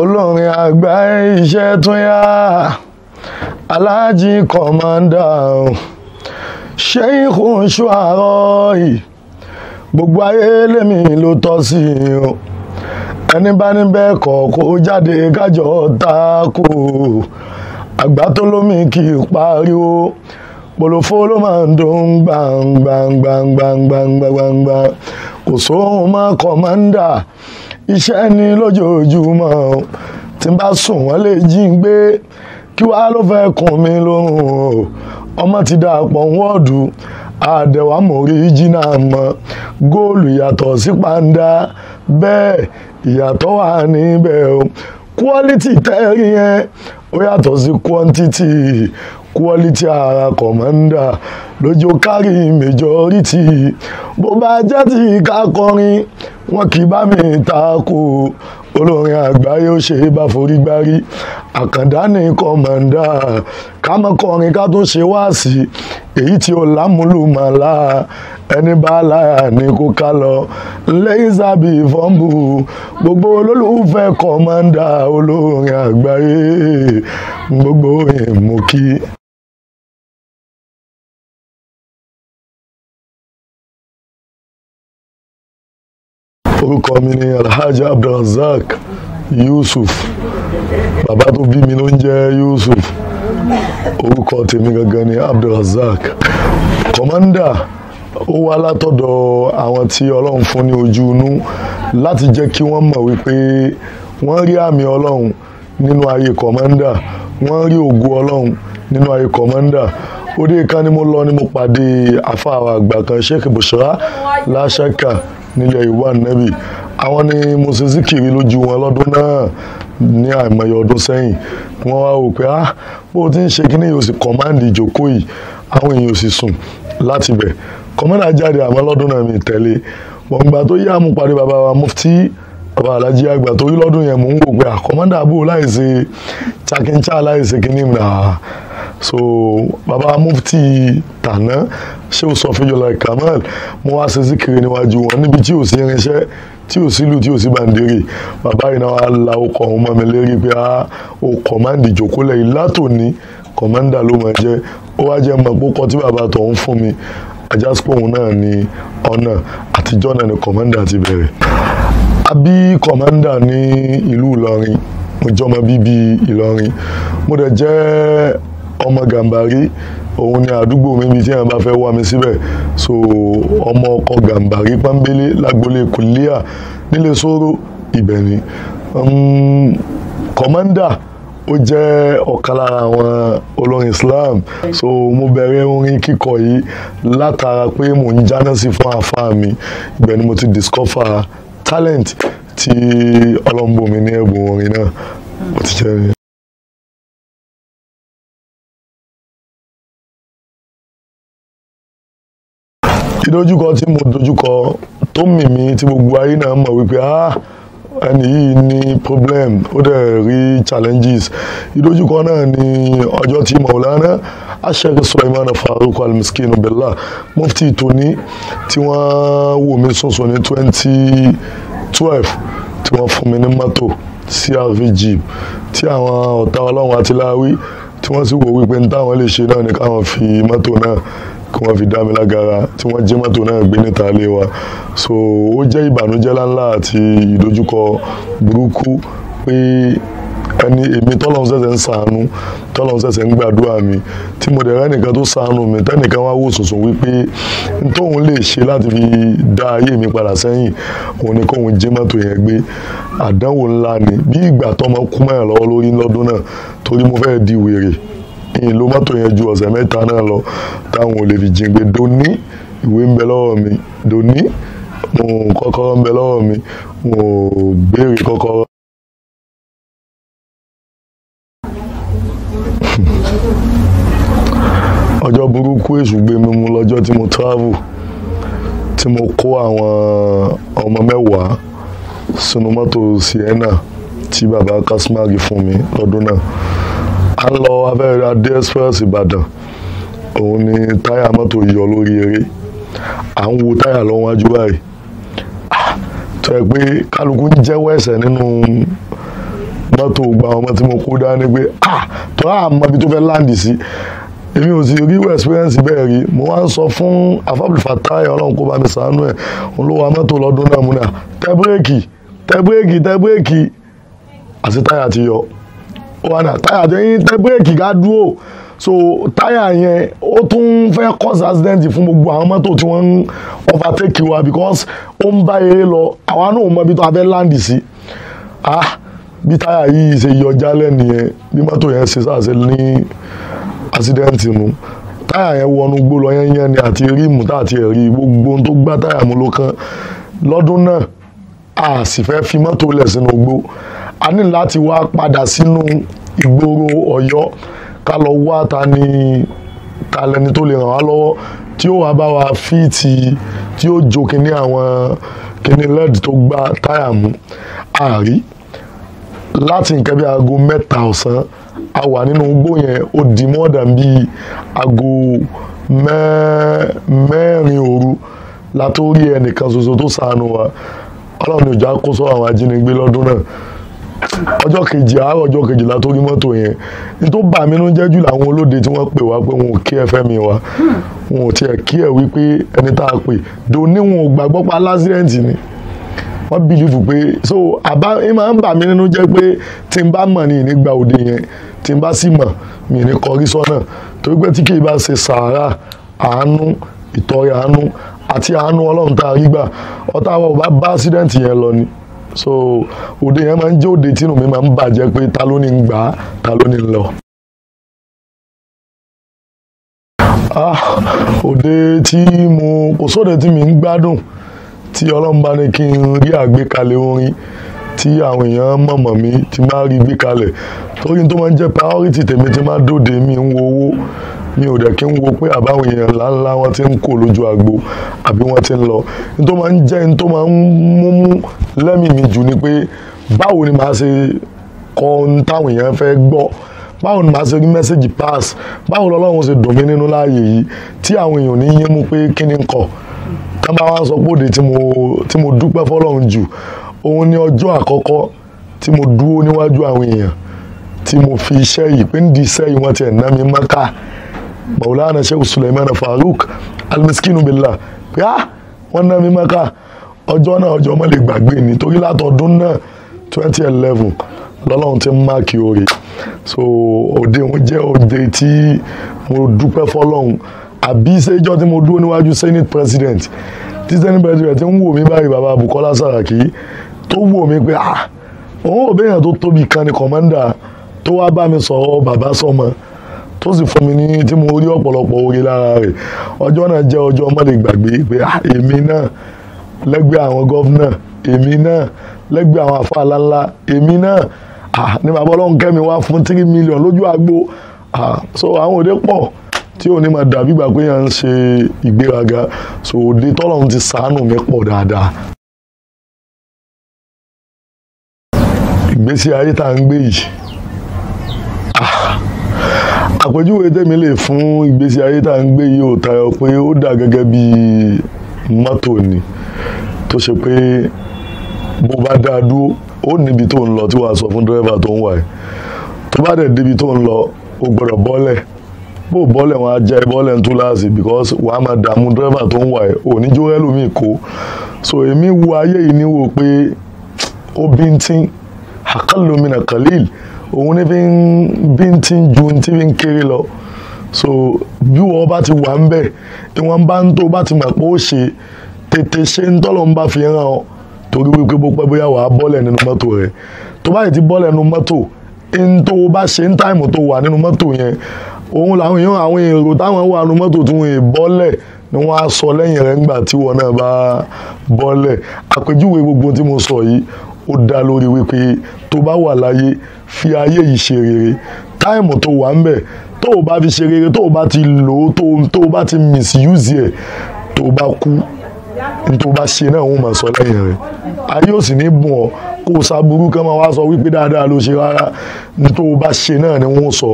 olórin àgbà iṣẹ́ tún yá aláàjì kọ̀mọ́ndà ṣẹ́yìn kún ṣú àárọ̀ yìí gbogbo ayé lèmi ló tọ́ sí i o ẹni bá ní bẹ́ẹ̀ kọ̀ kó jáde kájọ ta kò àgbà tó lómi kì í pariwo pòlòfó ló máa ń dún gbàngbàngbàngbàngbàngbàngbà iṣẹ́ ni lójoojúmọ́ tí n bá sùn wọ́n lè jí n gbé kí wàá ló fẹ́ kùn mí lórun o ọmọ ti dà pọ̀ ń wọ́ọ̀dù àdẹ̀wà mórí jìnnà mọ́ góòlù yàtọ̀ sí pàǹdà bẹ́ẹ̀ ìyàtọ̀ wà níbẹ̀ o quality tẹ́rí yẹn ó yàtọ̀ sí quantity quality ara kọ̀mọ́ndà lójó kárí majority bó bá jẹ́ ti ká kọrin. wọn kì í bá mi ta kó olórin àgbáyé ó ṣe é bá forí gbárí àkàndá ní kọmọ̀ndà kámọ́kọrin ká tó ṣe wá sí èyí tí ó lámúlùmọ̀lá ẹni bá láyà ní kó ká lọ lẹ́yìnsábì fọ́ǹbù gbogbo olólùfẹ́ kọmọ̀ndà olórin àgbáyé gbogbo ìmùkí. orúkọ mi ni alhaji abdulrasaq yusuf bàbá tó bí mi ló ń jẹ́ yusuf orúkọ tèmi gangan ni abdulrasaq kọ̀mọ́ndà ó wá látọ̀dọ̀ àwọn tí ọlọ́run fún ní ojú inú láti jẹ́ kí wọ́n mọ̀ wípé wọ́n rí àmì ọlọ́run nínú ayé kọ̀mọ́ndà wọ́n rí ògo ọlọ́run nínú ayé kọ̀mọ́ndà orí kan ni mo lọ ni mo pàdé àfàwà àgbà kan sheikh bushra láṣẹ́kà nílẹ̀ yorùbá nẹ́bì àwọn ni mo ṣe síkìrì lójú wọn lọ́dún náà ní àìmọye ọdún sẹ́yìn wọ́n wá wò pé ah bó o ti ń ṣe kí ni yóò sì kọ̀máǹdì ìjókòó yìí àwọn èèyàn sì sùn láti bẹ̀ kọ̀mọ́dà jáde àmọ́ lọ́dún náà mi tẹ̀lé gbọ̀ngbà tó yá mo parí bàbá wa mufti bàbá alájí àgbà torí lọ́dún yẹn mò ń wò pé àkọ́mọ́dà ah, bò láìsí chakincha láìsí kíní mìíràn so Baba, mufti tàná ṣé o sọ fíjọlá kamal mo wá ṣe síkiri níwájú wọn níbi tí ò sí irinṣẹ́ tí ò sí ìlú tí ò sí bàǹdẹ̀rẹ̀ bàbá yìí náà wá la ọkọ̀ ọ̀hún mọ́ mi lérí pé ó kọ̀máǹdì ìjókòlẹ̀ yìí látòní kọ̀máǹdà ló máa jẹ́ ó wá jẹ́ mọ̀ pókọ́ tí bàbá tọ̀hún fún mi àjásípò òun náà ni ọ̀nà àtijọ́ náà ni kọ̀máǹdà ti bẹ̀rẹ̀ a bí kọ̀mándà ní ìlú ìlọrin mo jọmọ bíbí ìlọrin mo dẹ̀ jẹ́ ọmọ gàǹbàrí òun ni àdúgbò mi bíi tí wọn bá fẹ́ wá mi síbẹ̀ so ọmọ ọkọ gàǹbàrí pọ́nbélé lágbolé kùlíà nílé sóró ibẹ̀ ni um, kọ̀mọ́ndà ó jẹ́ ọ̀kan lára àwọn olórin Islam so mo bẹ̀rẹ̀ orin kíkọ yìí látara pé mò ń jáná sí fún àfa mi ibẹ̀ mo ti discover talent ti ọlọ́mbòmí ní ẹ̀bùn orin náà ó ti jẹ́ rí. ìdojúkọ tí mo dojúkọ tó mì mí tí gbogbo ayé náà mọ̀ wípé ah ẹni yìí ní problem ó dẹ̀ rí challenges ìdojúkọ náà ní ọjọ́ tí Maulana Sheikh Suleiman Faruq Al-Miskin Billah mufti tóní tí wọ́n wò mí sọ̀sọ̀ ní twenty twelve tí wọ́n fún mi ní mọ́tò crv jeep tí àwọn ọ̀tá ọlọ́run àti láwí tí wọ́n sì wò wípé ní táwọn lè ṣe náà ni káwọn fi mọ́tò náà kí wọ́n fi dá mi lágara tí wọ́n jí mọ́tò náà gbé níta ilé wa so ó jẹ́ ìbànújẹ́ láńlá àti ìdojúkọ burúkú pé ẹni èmi tọ́lọ́hún ṣẹ̀ṣẹ̀ ń ṣàánú tọ́lọ́hún ṣẹ̀ṣẹ̀ ń gbàdúrà tí mo dẹ̀ nìkan tó di wèrè kí n lo mọ́tò yẹn ju ọ̀sẹ̀ mẹ́ta náà lọ táwọn ò lè fi jíngbé doni ìwé ń bẹ lọ́wọ́ mi doni kọ́kọ́rọ́ ń bẹ lọ́wọ́ mi mo béèrè kọ́kọ́rọ́. ọjọ́ burúkú èṣù gbé mi mú lọ́jọ́ tí mo travel tí mo kó àwọn ọmọ mẹ́wàá sínú mọ́tò sienna tí bàbá kasmag fún mi lọ́dún náà à ń lọ abẹ́rẹ́ adé express ìbàdàn òun ni táyà mọ́tò yọ lórí eré à ń wo táyà lọ wájú báyìí tó yẹ pé kálukú ń jẹ́wọ́ ẹ̀ṣẹ̀ nínú mọ́tò gba ọmọ tí mo kó dání pé tó a mọ ibi tó fẹ́ láǹdì sí èmi ò sì rí experience bẹ́ẹ̀ rí mo wá ń sọ fún afábùlùfàtáì ọlọ́run kó bá mi sàánú ẹ̀ òun ló wa mọ́tò lọ́dún náà múnà tẹ bírèkì tẹ bírèkì tẹ bírèkì àti táyà ti yọ wàdà táyà tó yín tẹ bírèkì ká dúró so táyà yẹn ó tún fẹ́ cause accident fún gbogbo àwọn mọ́tò tí wọ́n ń overtake wa because ó ń bá eré lọ àwa náà ò mọ ibi tó a fẹ́ land sí ah bí táyà yìí ṣe yọ jálẹ̀ nìyẹn bí mọ́tò yẹn ṣe ṣàṣẹ ní accident nù táyà yẹn wọnú gbó lọ yẹn yẹn ni àti ríìmù tá àti ẹ̀rí gbogbo ohun tó gbá táyà mú ló kán lọ́dún náà a sì fẹ́ fi mọ́tò lẹ̀ sínú gbó a ní láti wá padà sínú ìgboro Ọ̀yọ́ ká lọ wá ta ni ta lẹni tó lè ràn wá lọ́wọ́ tí ó wàá bá wa fíìtì tí ó jo kíní àwọn kíní led tó gba táyà mú àrí láti nǹkan bí aago mẹ́ta ọ̀sán a wà nínú igbó yẹn ó di mọ́ọ̀dàn bíi aago mẹ́rin òru látó ẹnìkan ṣoṣo tó sànù wa ọlọ́run ìjà kó sọ àwọn ajínigbé lọ́dún náà ọjọ́ kejì àárọ̀ ọjọ́ kejìlá tó rí mọ́tò yẹn ní tó bà mí nú jẹ́ jù làwọn olóde tí wọ́n pè wá pé wọn ò kí ẹ fẹ́ mi wá wọn ò tiẹ̀ kí ẹ wípé ẹni tá a pè dò ní wọn ò gbàgbọ́ pa lásìrẹ́ǹtì ni wọ́n bìlífù pé so àbá ẹ máa ń bà mí nínú jẹ́ pé tí n bá mọ̀ ní ìnígbà òde yẹn tí n bá sì mọ̀ mí ní kọrí sọ́nà torí pé tí kì í bá ṣe sàárà àánú ìtọrẹ àánú àti àánú ọlọ́run tá a rí gbà ọ̀tá wa ò bá bá accident yẹn lọ ni so òde yẹn máa ń jẹ́ òde tínú mi máa ń bàjẹ́ pé ta ló ní gbà á ta ló ní lọ. ah òde tí mo kò sóde tí mi ń gbádùn tí ọlọ́run bá ní kí n rí àgbékalẹ̀ orin tí àwọn èèyàn mọ̀mọ̀ mi ti máa rí gbé kalẹ̀ torí tó máa ń jẹ́ priority tèmi ti máa dòde mi ń wo owó mi ò dẹ̀ kí ń wo pé àbáwọn èèyàn ńláńlá wọn ti ń kó lójú agbo àbí wọn ti ń lọ n tó máa ń jẹ́ n tó máa ń múmú lẹ́mìí mi jù ni pé báwo ni màá ṣe kọ ohun táwọn èèyàn fẹ́ gbọ́ báwo ni màá ṣe rí mẹ́sẹ̀gì pass báwo lọ́lọ́run ṣe dùn mí nínú láàyè yìí tí àwọn èèyàn ní yín mú pé kí ni kọ̀ tá bá wá sọ pé tí mo dúpẹ́ fọlọ́run jù òun ni ọjọ́ àkọ́kọ́ tí mo dúró níwájú àwọn èèyàn tí mo fi iṣẹ́ yìí pé ń di iṣẹ́ yìí wọ́n ti ẹ̀ ná mi mọ́ká maulana shehu suleiman faruk almiskinu billah yá wọ́n ná mi mẹ́ka ọjọ́ náà ọjọ́ mọ́ lè gbàgbé ni torí látọdún náà twenty eleven lọ́lọ́run ti ń máàkì oore so òde òun jẹ́ òde tí mo dúpẹ́ fọlọ́run àbí ṣéjọ́ tí mo dúró níwájú senate president tí senate president ti ń wò mí báyìí bàbá bukola saraki tó wò mí pé ah òun ò béèyàn tó tóbi kan ni commander tó wá bá mi sọ̀rọ̀ bàbá sọmọ. So tó sì fún mi ní tí mo rí ọ̀pọ̀lọpọ̀ oore lára rẹ̀ ọjọ́ náà jẹ́ ọjọ́ má lè gbàgbé pé ah, èmi náà lẹ́gbẹ́ àwọn gọ́fúnà èmi náà lẹ́gbẹ́ àwọn àfa ńláńlá èmi náà ah, ní bàbá ọlọ́run kẹ́mi wá fún tírí mílíọ̀nù lójú àgbo ah, so àwọn òde pọ̀ tí ò ní máa dàbí ìgbà pé yàn ń ṣe ìgbéraga so òde tọ́lọ́run ti sàánù mi pọ̀ dáadáa. ìgbésí ayé tá à ń gbé yìí àpèjúwe tèmi fún ìgbésí ayé tá à ń gbé yìí ò tayọ pé ó dà gẹ́gẹ́ bí mọ́tò ni tó ṣe pé bó bá dá a dúró ó níbi tó ń lọ tí wàá sọ fún dírẹ́fà tó ń wà ẹ́ tó bá dẹ̀ débi tó ń lọ ó gbọ́dọ̀ bọ́lẹ̀ bó bọ́lẹ̀ wọn á jẹ́ bọ́lẹ̀ ń tú láàsì because wàá máa dààmú dírẹ́fà tó ń wà ẹ́ òníjó ẹlòmíì kó so èmi wo ayé yìí níwò pé ó bí bíntín àkàlùmínà khalil òun ní fi ń bí ń ti ń ju ní ti fi ń kéré lọ so bí wọ́n bá ti wà ń bẹ̀ ìwọ̀n bá ń tó bá ti mọ̀ pé ó ṣe tètè ṣe ń tọ́lọ̀ ń bá fi hàn ọ́ torí wípé bó pẹ́ bóyá wàá bọ́lẹ̀ nínú mọ́tò rẹ̀ tó bá yìí ti bọ́lẹ̀ nínú mọ́tò ń tó bá ṣe ń táìmù tó wà nínú mọ́tò yẹn òun làwọn èèyàn àwọn èrò táwọn wà nínú mọ́tò tí wọ́n bọ́lẹ̀ ni wọ́n á sọ lẹ́yìn rẹ̀ ńgbà tí wọ́n náà bá bọ́lẹ̀ àpèjúwe gbogbo tí mo sọ yìí ó dá lórí wípé tó bá wà láyé fi ayé yìí ṣe rere táìmù tó wà ń bẹ̀ tó o bá fi ṣe rere tó o bá ti lò ó tó o bá ti misuse ẹ̀ tó o bá kú nítorí bá ṣe náà wọn máa sọ lẹ́yìn rẹ̀ ayé ò sì ní bùn ọ́ kó o ṣàbùrú kan máa wá sọ wípé dáadáa ló ṣe rárá nítorí bá ṣe náà ni wọ́n sọ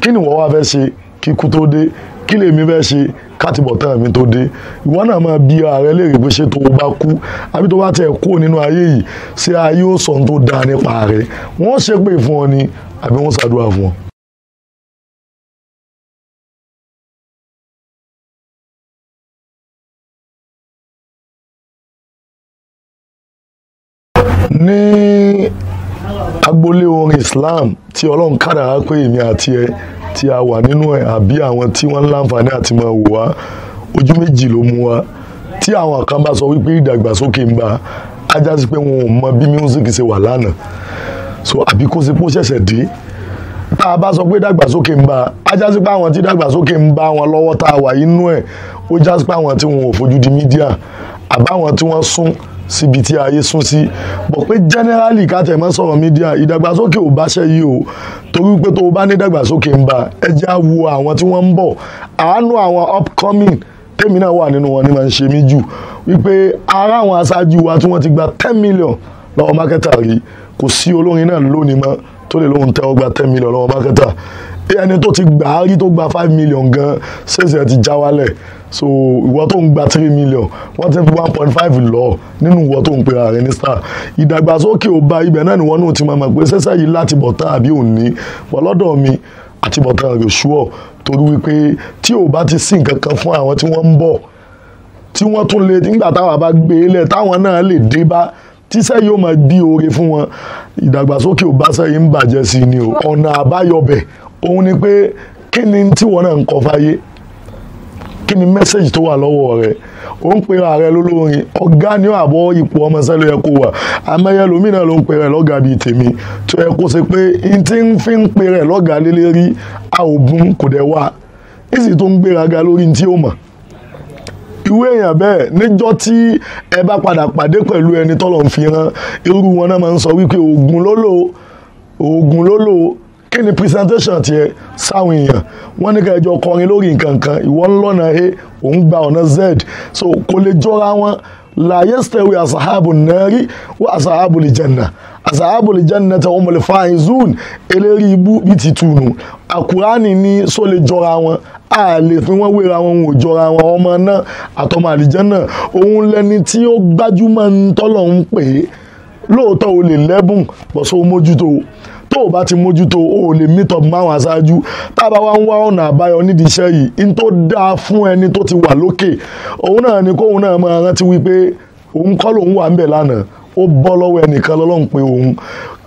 kí ni wọ́n wá fẹ́ ṣe kíkú tó dé kí lèmi fẹ́ ṣe kátìbọ̀ tán mi tó dé ìwọ náà máa bi ààrẹ léèrè pé ṣé tó o bá kú àbí tó bá tẹ̀ kó nínú ayé yìí ṣé ayé ó sọ tó dáa nípa rẹ wọ́n ṣépè fún ọ ni àbí wọ́n ṣàdúrà fún ọ. ní agboolé orin Islam tí ọlọ́run kádàá pé èmi àti ẹ tí a wà nínú ẹ̀ àbí àwọn tí wọ́n ń láǹfààní àti máa wò wá ojú méjì ló mú wa tí àwọn kan bá sọ wípé ìdàgbàsókè ń bá a já sí pé wọn ò mọ bí music ṣe wà lánàá so àbí kó ṣe pé ó ṣẹ̀ṣẹ̀ dé tá a bá sọ pé ìdàgbàsókè ń bá a já sí pé àwọn tí ìdàgbàsókè ń bá wọn lọ́wọ́ tá a wà inú ẹ̀ ó já sí pé àwọn tí wọn ò fojú di mídíà àbáwọn tí wọ́n sún síbi tí ayé sún sí bọ̀ pé generally ká tẹ̀ mọ́ sọ̀rọ̀ mídíà ìdàgbàsókè ò báṣẹ́ yìí o torí pé tó o bá ní ìdàgbàsókè ń bá ẹ jẹ́ á wo àwọn tí wọ́n ń bọ̀ àánú àwọn upcoming tèmi náà wà nínú wọn ni máa ń ṣe mí jù wípé ara àwọn aṣáájú wa tí wọ́n ti gba ten million lọ́wọ́ mákẹ́tà rí kò sí olórin náà lónìí mọ́ tó lè lóun tẹ́wọ́ gba ten million lọ́wọ́ mákẹ́tà ẹni tó ti gbà á rí tó gba five million gan ṣẹ̀ṣẹ̀ ti já wálẹ̀ so ìwọ tó ń gba three million wọ́n ti fi one point five lọ nínú ìwọ tó ń pe ààrẹ ní star ìdàgbàsókè ò bá ibẹ̀ náà ni wọ́n náà ti máa mọ̀ pé ṣẹ̀ṣẹ̀ yìí láti bọ̀ tá àbí òní wọ́n lọ́dọ̀ mi àti bọ̀ tá àrò ṣúọ̀ torí wípé tí ò bá ti sí nǹkan kan fún àwọn tí wọ́n ń bọ̀ tí wọ́n tún lè nígbà táwọn bá gbé e lẹ̀ táwọn náà lè dé bá tíṣẹ́ yóò máa bí oore fún wọn ìdàgbàsókè ò bá sẹ́yìn ń bàjẹ́ sí ni o ọ̀nà àbáyọbẹ̀ òun ni pé kí ni tí wọn náà ń kọ fáyé kí ni mẹ́sẹ̀gì tó wà lọ́wọ́ rẹ̀ ó ń pera rẹ̀ lólórin ọ̀gá ni àbọ̀ ipò ọmọọṣẹ́ ló yẹ kó wà amẹ́yẹ lómìnà ló ń pera rẹ̀ lọ́gàá bíi tèmi pé n ti ń fi ń pera rẹ̀ lọ́gàá lélẹ́rí a ò bún kò wá tó ń lórí ó èèyàn bẹ́ẹ̀ níjọ́ tí ẹ bá padà pàdé pẹ̀lú ẹni tọ́lọ̀ ń wọn náà máa ń sọ wípé oògùn lólò oògùn kí ni presentation tiẹ̀ sáwọn èèyàn wọ́n ní kẹjọ kọrin lórí nǹkan kan ìwọ ń a òun gba ọ̀nà z so kò lè jọra wọn láyé stẹ̀wé asahabu nari wọ́n asahabu lè jẹ̀nà asahabu lè jẹ̀nà tẹ̀ wọ́n mọ̀lẹ́ fáyín zoon eléri ibú bí ti tùnú àkùránì ní so lè jọra wọn a lè fi wọ́n wéra wọn ò jọra wọn ọmọ náà àtọmọ àlìjẹ́nà òun lẹni tí ó gbájúmọ̀ ń tọ́lọ̀ ń pè é lóòótọ́ o lè lẹ́bùn pọ̀ mójútó o tó o bá ti mojuto o ò lè meet up máwọn aṣáájú tá a bá wá ń wá ọ̀nà àbáyọ nídìí iṣẹ́ yìí n tó dáa fún ẹni tó ti wà lókè òun náà ni kóun náà máa rántí wípé òun kọ́ lòun wà ń bẹ̀ lánàá ó bọ́ lọ́wọ́ ẹnìkan lọ́lọ́run pé òun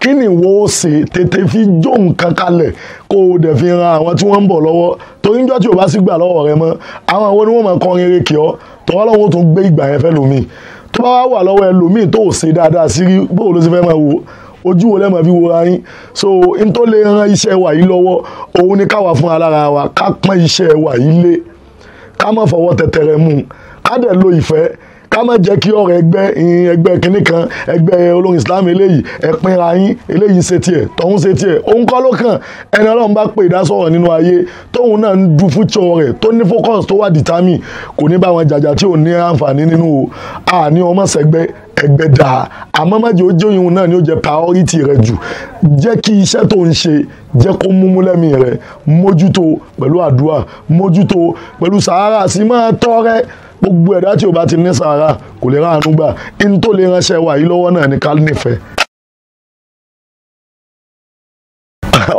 kí ni ṣe tètè fi jó nǹkan kalẹ̀ o dẹ̀ ran àwọn tí wọ́n bọ̀ lọ́wọ́ o bá sì gbà lọ́wọ́ rẹ mọ́ àwọn àwọn ni wọ́n ojú wo lẹ́mọ̀ fi wo ara yín so n tó lè ran iṣẹ́ wa yìí lọ́wọ́ òun ni káwa fún alára wa ká pọ́n iṣẹ́ wa yìí lé ká má fọwọ́ tẹ̀tẹ̀rẹ̀ mú ká dẹ̀ lo ìfẹ́ ká má jẹ́ kí ọ̀rọ̀ ẹgbẹ́ ẹgbẹ́ kínní kan ẹgbẹ́ olórin islam eléyìí ẹ̀pinra yín eléyìí ṣe tiẹ̀ tọ̀hún ṣe tiẹ̀ òun kọ́ ló kàn ẹni ọlọ́run bá pè ìdásọ̀rọ̀ nínú ayé tóun náà ń du fútsọ rẹ̀ tó ní focus tó wà determine kò ní bá wọn jàjà tí ò ní àǹfààní nínú o àní ọmọ sẹ́gbẹ́ kẹgbẹ́ dáa àmọ́ májò ó jóyún náà ni ó jẹ́ priority rẹ jù jẹ́ kí iṣẹ́ tó ń ṣe jẹ́ kó múmú lẹ́mí rẹ mójútó pẹ̀lú àdúrà mójútó pẹ̀lú sàárà sí máa tọrẹ gbogbo ẹ̀dá tí o bá ti ní sàárà kò lè ráàánú gbà in tó lè ránṣẹ́ wà yìí lọ́wọ́ náà ni ká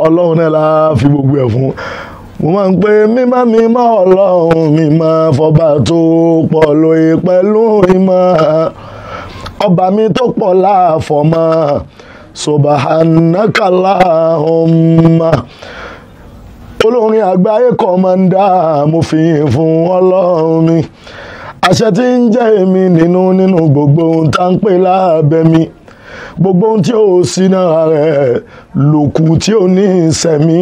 ọlọ́run náà la fi gbogbo ẹ̀ fún mo máa ń pe mímọ́ mímọ́ ọlọ́run mímọ́ fọba tó pọ̀ lóye pẹ̀lú ìmọ̀ ọba mi tó pọ̀ láàfọ̀mọ́ subahanakalahumma olórin àgbáyé kọ́mọ́ndà mo fi fún ọlọ́run mi àṣẹ tí ń jẹ́ èmi nínú nínú gbogbo ohun tá ń pè lábẹ́ mi gbogbo ohun tí ó sí náà rẹ̀ lòkù tí ó ní ìsẹ̀mí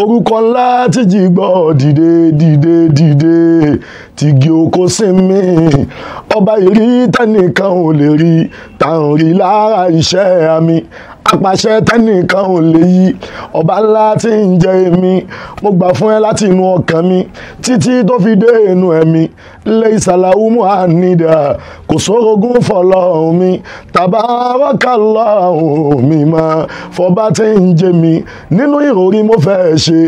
orúkọ ńlá tí jí gbọ́ dìde dìde dìde tìgì oko sinmi ọba ìrí tẹnìkan ò lè rí táwọn rí lára iṣẹ́ àmì apàṣẹ tẹnìkan ò lè yí ọba ńlá tí ń jẹ èmi mo gbà fún ẹ láti inú ọkàn mi títí tó fi dé inú ẹ̀mí lé ìsàlàwù muhanida kò sórogún fọlọ́run mi tabarakallahu mi máa fọba tí ń jẹ mi nínú ìròrí mo fẹ́ ṣe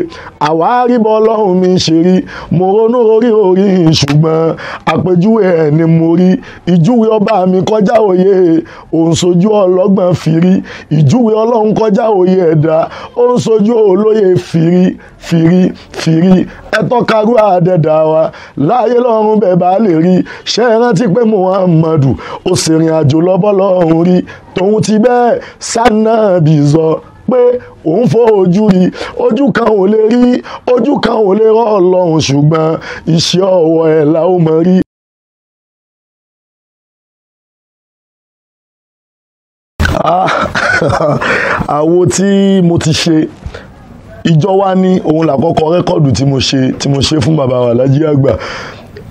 àwárí bọ́ ọlọ́run mi ṣe rí mo ronú orí orí ìṣ ṣùgbọ́n àpèjúwe ẹ̀ ni mo rí ìjúwe ọba mi kọjá òye òun sojú ọlọ́gbọ́n fìrí ìjúwe ọlọ́run kọjá òye ẹ̀dá òun sojú olóye fìrí fìrí fìrí ẹ tọ́karú àdẹ́dà wa láàyè lọ́run bẹ́ẹ̀ bá lè rí ṣé ẹ rántí pé Muhammadu ó ṣèrìn àjò lọ́bọ́lọ́run rí tòun ti bẹ́ẹ̀ sànà bìzọ́ pé òun fọ́ ojú yìí ojú kan ò lè rí ojú kan ò lè rọ́ ọlọ́run ṣùgbọ́n iṣẹ́ ọwọ́ ẹ̀ la ó mọ rí. Ah, àwo tí mo ti ṣe ìjọ wa ní òun làkọ́kọ́ rẹ́kọ̀dù tí mo ṣe tí mo ṣe fún bàbá wa Alhaji àgbà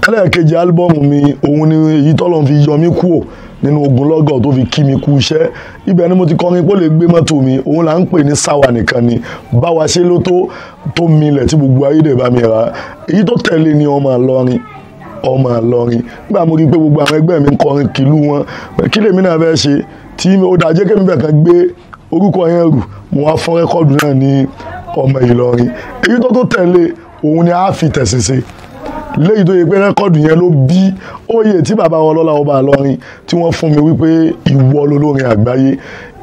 ẹlẹ́ẹ̀kejì álúbọ̀mù mi òun ni èyí tọ́lọ́run fi yọ mí kúò nínú ogun lọ́gọ̀ tó fi kí mi kú iṣẹ́ ibẹ̀ ni mo ti kọrin pé ó lè gbé mọ́tò mi òun là ń pè ní sáwà nìkan ni báwa ṣe ló tó tó milẹ̀ tí gbogbo ayé dẹ̀ bá mi rà èyí tó tẹ̀lé ni ọmọ àlọ́rin ọmọ àlọ́rin nígbà mo rí pé gbogbo àwọn ẹgbẹ́ mi ń kọrin kìlú wọn kí lèmi náà fẹ́ ṣe tí ó dáa jẹ́ kémi bẹ̀kan gbé orúkọ yẹn rù mo wá fọ́n rẹ́kọ́ọ̀dù náà ní ọmọ Ìlọrin èyí tó tó tẹ̀lé òun ni a fi tẹ̀sí sí i léyìí tó yẹ pé rẹ́kọ́ọ̀dù yẹn ló bí oyè tí bàbá wọn lọ́la ọba àlọ́rin tí wọ́n fún mi wípé ìwọ lolórin àgbáyé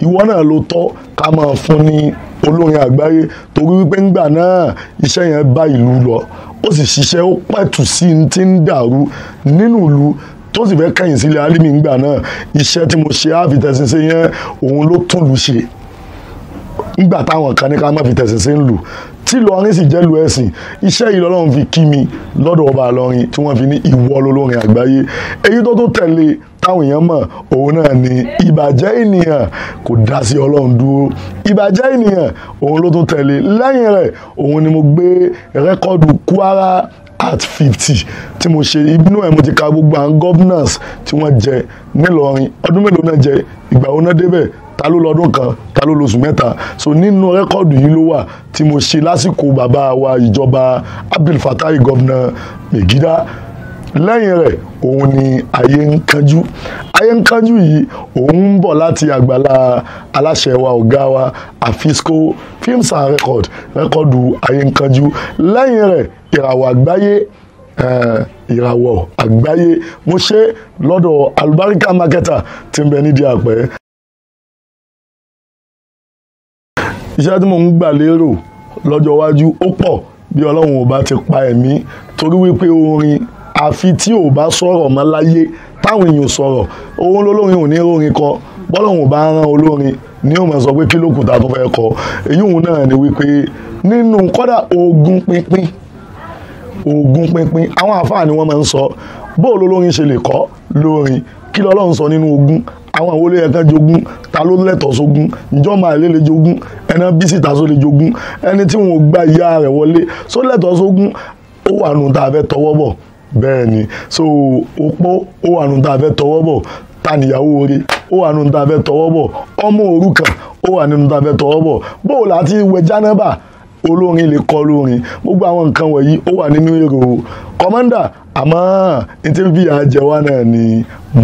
ìwọ náà ló tọ́ ká máa fún ní olórin àgbáyé torí wípé ńgbà náà iṣẹ́ yẹn bá ìlú lọ ó sì ṣiṣẹ́ ó pẹ̀tù sí i ti ń dàrú nínú ìlú tó sì fẹ́ kẹ́yìn sílẹ̀ alímì ńgbà náà iṣẹ́ tí mo ṣe àfitẹ̀sìn yẹn òun ló tún lù ṣe ńgbà táwọn kan ní ká má fi tẹ̀sìn ń lù tí Ìlọrin sì jẹ́ lu ẹ̀sìn iṣẹ́ yìí lọ́lọ́run fi kí mi lọ́dọ̀ ọba Ìlọrin tí wọ́n fi ní ìwọ lolórin àgbáyé èyí tó tó tẹ̀lé táwọn èèyàn mọ̀ òun náà ni ìbàjẹ́ ènìyàn kò dá sí ọlọ́run dúró ìbàjẹ́ ènìyàn òun ló tún tẹ̀lé lẹ́yìn rẹ̀ òun ni mo gbé rẹ́kọ́dù Kwara at fifty tí mo ṣe inú ẹ̀ mo ti ka gbogbo àwọn governors tí wọ́n jẹ nílọrin ọdún mélòó náà jẹ ìgbà wo náà débẹ̀ ta ló lọ́dún kan ta ló lóṣù mẹ́ta so nínú rẹ́kọ́ọ̀dù yìí ló wà tí mo ṣe lásìkò bàbá wa ìjọba Abdul Fatai gọ́vnà Megida lẹ́yìn rẹ̀ òun ni ayé ń kánjú ayé ń kánjú yìí òun ń bọ̀ láti àgbàlá aláṣẹ wa ọ̀gá wa àfisco films and record rẹ́kọ́ọ̀dù ayé ń kánjú lẹ́yìn rẹ̀ ìràwọ̀ àgbáyé eh, ìràwọ̀ àgbáyé mo ṣe lọ́dọ̀ alubarika marketer tí ń bẹ nídìí àpẹ́ iṣẹ́ tí mò ń gbà lérò lọ́jọ́ iwájú ó pọ̀ bí ọlọ́run ò bá ti pa ẹ̀mí torí wípé orin àfi tí ò bá sọ̀rọ̀ mọ́ láyé táwọn èèyàn sọ̀rọ̀ òun lolórin ò ní rórin kọ bọ́lọ́run ò bá rán olórin ní òun sọ pé kí lókùn tá a tún fẹ́ kọ èyí òun náà ni wípé nínú kọ́dà ogún pínpín ogún pínpín àwọn àfáà ni wọ́n máa ń sọ bó olólórin ṣe lè kọ lórin kí lọ́lọ́run sọ nínú ogún àwọn àwọn olóyè kan jogún ta ló lẹ́tọ̀ọ́ sógún ǹjọ́ máa lé lè jogún ẹni bí síta só lè jogún ẹni tí wọn ò gba ìyá rẹ̀ wọlé só lẹ́tọ̀ọ́ sógún ó wà nù tá a fẹ́ tọwọ́ bọ̀ bẹ́ẹ̀ ni so opó ó wà nù tá a fẹ́ tọwọ́ bọ̀ ta níyàwó rẹ̀ ó wà nù tá a fẹ́ tọwọ́ bọ̀ ọmọ òrukàn ó wà nínú tá a fẹ́ tọwọ́ bọ̀ bóòlù àti ìwẹ̀ jánábà olórin lè kọ lórin gbogbo àwọn nǹkan wọ̀nyí ó wà nínú èrò kọmọ́ndà àmọ́ ìtẹ́bí àjẹwà náà ni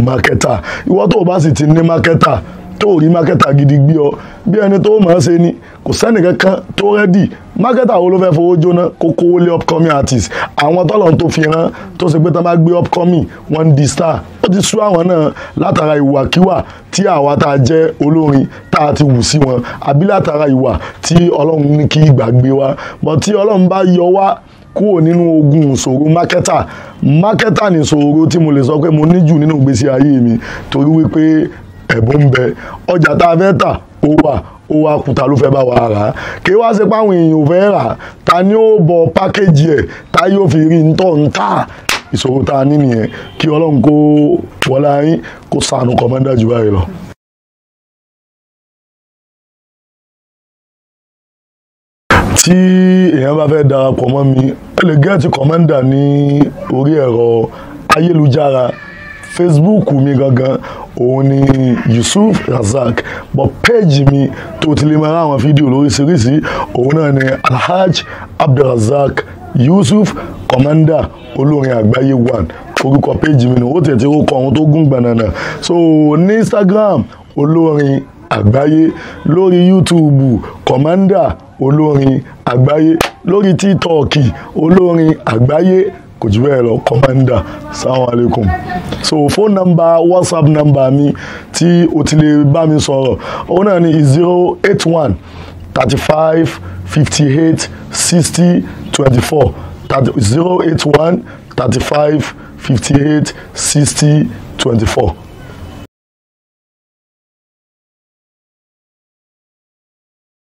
mákẹ́tà ìwọ tó o bá sì ti ní mákẹ́tà tó o rí mákẹ́tà gidi gbé ọ bí ẹni tó o máa ṣe ni kò sẹ́nìkankan tó rẹ́dì mákẹ́tà wo ló fẹ́ fowó jóná kó kówó lé upcoming artist àwọn tọ́lọ̀ tó fi hàn tó ṣe pé tán bá gbé upcoming wọn di star ó ti sú àwọn náà látara ìwàkiwà tí àwa tá a jẹ́ olórin tá a ti wù sí wọn àbí látara ìwà tí ọlọ́run ní kí ìgbàgbé wa bọ̀ tí ọlọ́run bá yọ wá kúrò nínú ogun ìṣòro mákẹ́tà mákẹ́tà ni ìṣòro tí mo lè sọ pé mo níjù nínú ìgbésí ayé mi torí wípé ẹ̀bùn ń bẹ ọjà tá a fẹ́ tà ó wà ó wá kúta ló fẹ́ bá wa rà á kí wá ṣe páwọn èèyàn ò fẹ́ rà á ta ni ó bọ pákéjì ẹ̀ ta yóò fi rí ntọ́ ntà ìṣòro tá a ní nìyẹn kí ọlọ́run kó wọlé ayín kó sànù kọ́mọ́dà jù báyìí lọ. tí èèyàn bá fẹ́ darapọ̀ mọ́ mi ẹ lè gẹ́ẹ̀tì kọ́mọ́dà ní orí ẹ̀rọ ayélujára facebook mi gangan òun ni Yusuf Razak but page mi tó ti lè máa rá àwọn fídíò lóríṣiríṣi òun náà ni Alhaji Abdulrazak Yusuf Commander olórin àgbáyé one orúkọ page mi nù ó tẹ̀ tí ó kọ ohun tó gùn gbànànà so ní Instagram olórin àgbáyé lórí YouTube Commander olórin àgbáyé lórí TikTok olórin àgbáyé kò jù bẹ́ẹ̀ lọ commander salamu alaykum so phone number whatsapp number mi tí o ti lè bá mi sọ̀rọ̀ òun náà ni zero eight one thirty five fifty eight sixty twenty four zero eight one thirty five fifty eight sixty twenty four.